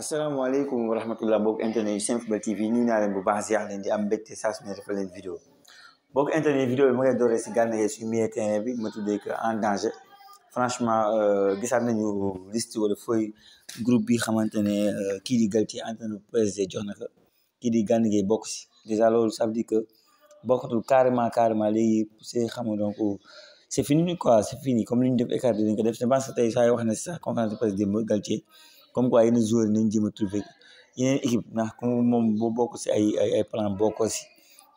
asalaamaaleykum wa rahmatulah mbokk internet yu Senfootball TV nuyu naa leen bu baax ziar leen di am mbégte saa su ne defal leen vidéo mbokk internet vidéo bi ma koy dooree si Gana Gueye suñu milieu terrain bi ma tuddee que en danger franchement euh, gisaat nañu liste wala feuille group bi xamante ne euh, kii di Galtier antenne président jox na ko kii di Gana Gueye bokk si dèjà loolu ça di dire que bokkatul carrément carrément léegi c'est xam nga donc c'est fini quoi c'est fini comme li ñu def écart dañ def je pense tey saa wax ne si sax conférence de presse démb Galtier comme quoi yeneen joueurs yi nañ jéem a trouver yeneen équipe ndax comme moom boo bokk si ay ay plan bokkoo si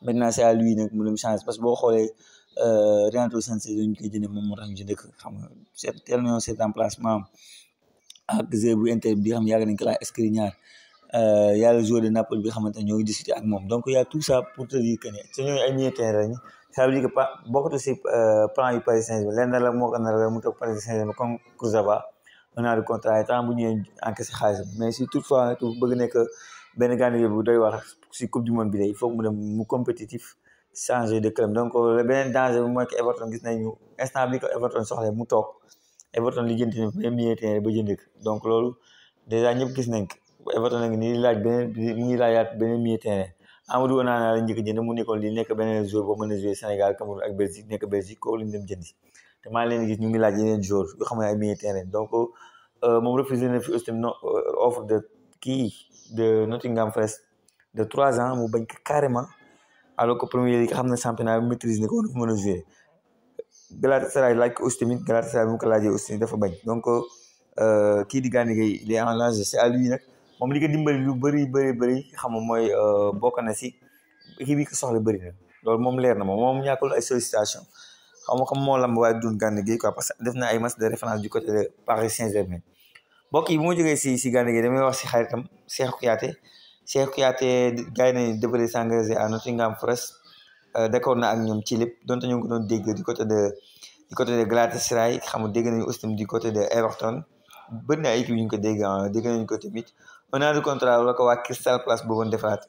maintenant c'est à lui nag mu dem chance que boo xoolee Renato Sanches dañ koy jëndee moom moo tax ñu jëndee ko xam nga c'est tel non c'est emplacement ak joueur Inter bi xam yàgg nañ ko laa Skriniar euh, yàlla joueur de bi xamante ne ñoo ngi discuter ak moom donc y a tout ça te dire que ne su ay milieu terrain lañu ça veut dire que si euh, plan yu Paris Saint-Germain lenn la moo ko nar a mu toog Paris Saint-Germain comme Kurzawa un an de contrat yi temps bu ñëwee encaissé xaalisam mais si toutefois tu bëgg nekk benn candidat bu doy war si coupe du monde bi de il faut mu dem mu compétitif changer de gis nañu instant bi ko Everton mu toog Everton lijjanti na même milieu terrain donc loolu dèjà ñëpp gis nañ ko Everton nag ni laaj beneen mu ngi laajaat beneen milieu terrain Amadou Onana la njëkk jënd mu nekkoon li nekk beneen joueur boo mën a jouer Sénégal Cameroun ak Belgique nekk Belgique kooku la ñu jëndi maa ngi leen ñu ngi laaj yeneen joueurs yoo xam ne ay milieu terrain donc euh, moom refusé na fi aussi euh, offre de kii de Nottingham Forest de trois ans mu bañ ko carrément alors que premier yi xam ne championnat bi maîtrise ni ko war na mën a jouer Galatasaray laaj ko aussi tamit Galatasaray mu ko laajee aussi dafa bañ donc euh, kii di Gana Gueye il en danger c'est à lui nag moom li ko dimbali lu bëri bëri bëri xam nga mooy bokk na si kii bi ko soxla bëri na loolu moom leer na moom moom ñàkkul ay sollicitation xaw ma xam moo lamb waaye Doudou Gana Gueye quoi parce que def na ay match de référence du côté de Paris Saint-Germain mbokk yi bu ma jógee si si Gana Gueye damay wax si xaritam Cheikhou Kouyaté Cheikhou Kouyaté gars yi nañu devrait s'engager à Nottingham Forest euh, d'accord na ak ñoom ci lépp dont ñu ngi ko doon dégg du côté de du côté de xam nga dégg aussi tamit du côté de Everton bëri na ay équipe yu ñu ko dégg ah dégg nañu ko tamit un an de contrat la ko waa Crystal Palace bëggoon defaraat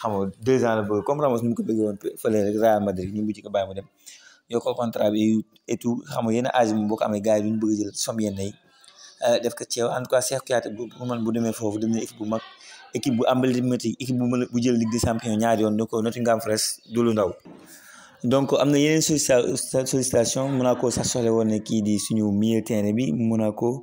xam nga deux ans la comme Ramos ni mu ko bëggee woon fële rek Real Madrid ñu mujj ko bàyyi mu dem yokk ko contrat bi et tout xam nga yenn âge bi yi duñu bëgg jël somme yenn yi euh, def ko ceew en tout cas Cheikh Kouyaté bu man bu demee foofu dem na équipe bu mag équipe bu emblématique équipe bu jël Ligue des champions ñaari yoon donc Nottingham Forest du lu ndaw donc am na yeneen sollicita sollicitation Monaco sax soxla woon ne kii di suñu milieu terrain bi Monaco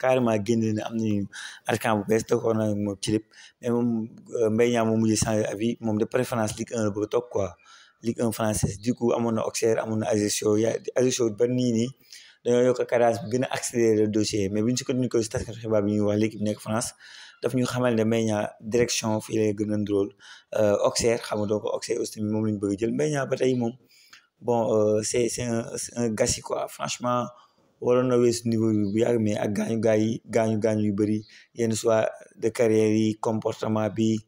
carrément génne na am nañu attaquant bu bees d'accord na moom ci mais moom euh, Mbaye Niang moom mujjee avis mom de préférence Ligue 1 la bëgg tok quoi Ligue 1 française du coup amono na Auxerre amoon na Ajaccio yaa Ajaccio ba nii nii dañoo yokk cadence bi accélérer le dossier mais buñ ci sukkandikoo si taskatu xibaar bi ñuy wax l'équipe nek France daf ñu xamal ne Mbaye direction fii lay gën a ndóol euh, Auxerre xam do ko Auxerre aussi mom la bëgg jël Mbaye batay mom tey moom bon euh, c'est c'est un gassi quoi franchement waroon na niveau bi mais ak yu yenn de carrière comportement bi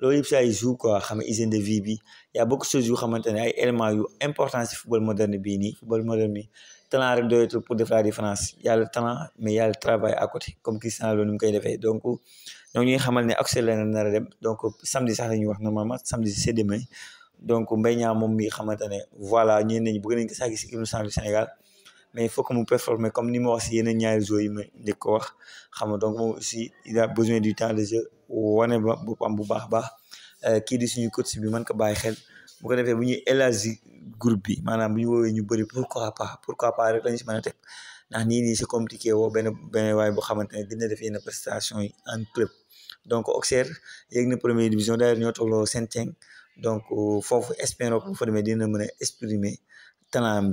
quoi de vie bi y a beaucoup de choses yu ay éléments yu important football moderne bii football moderne bi talent rek pour la différence y a le talent mais y a le travail à côté comme Christian ni donc xamal a donc samedi sax samedi c'est demain donc mi voilà ñeen ko Sénégal mais il faut que mu performer comme numéro ma wax si yeneen ñaari joueurs yi ma njëkk ko wax xam donc moom aussi il a besoin du temps de jeu wane ba boppam bu baax baax qui euh, di suñu coach bi mën ko bàyyi xel bu ko defee bu ñuy groupe bi maanaam bu ñu woowee ñu bëri pourquoi pas pourquoi pas rek lañu si mën a teg ndax nii c'est compliqué woo ben benn waay boo xamante ne dina def une prestation en club donc Auxerre yéeg na première division d'ailleurs ñoo tolloo Saint-Étienne donc foofu espérons que bu fa demee dina mën exprimer talent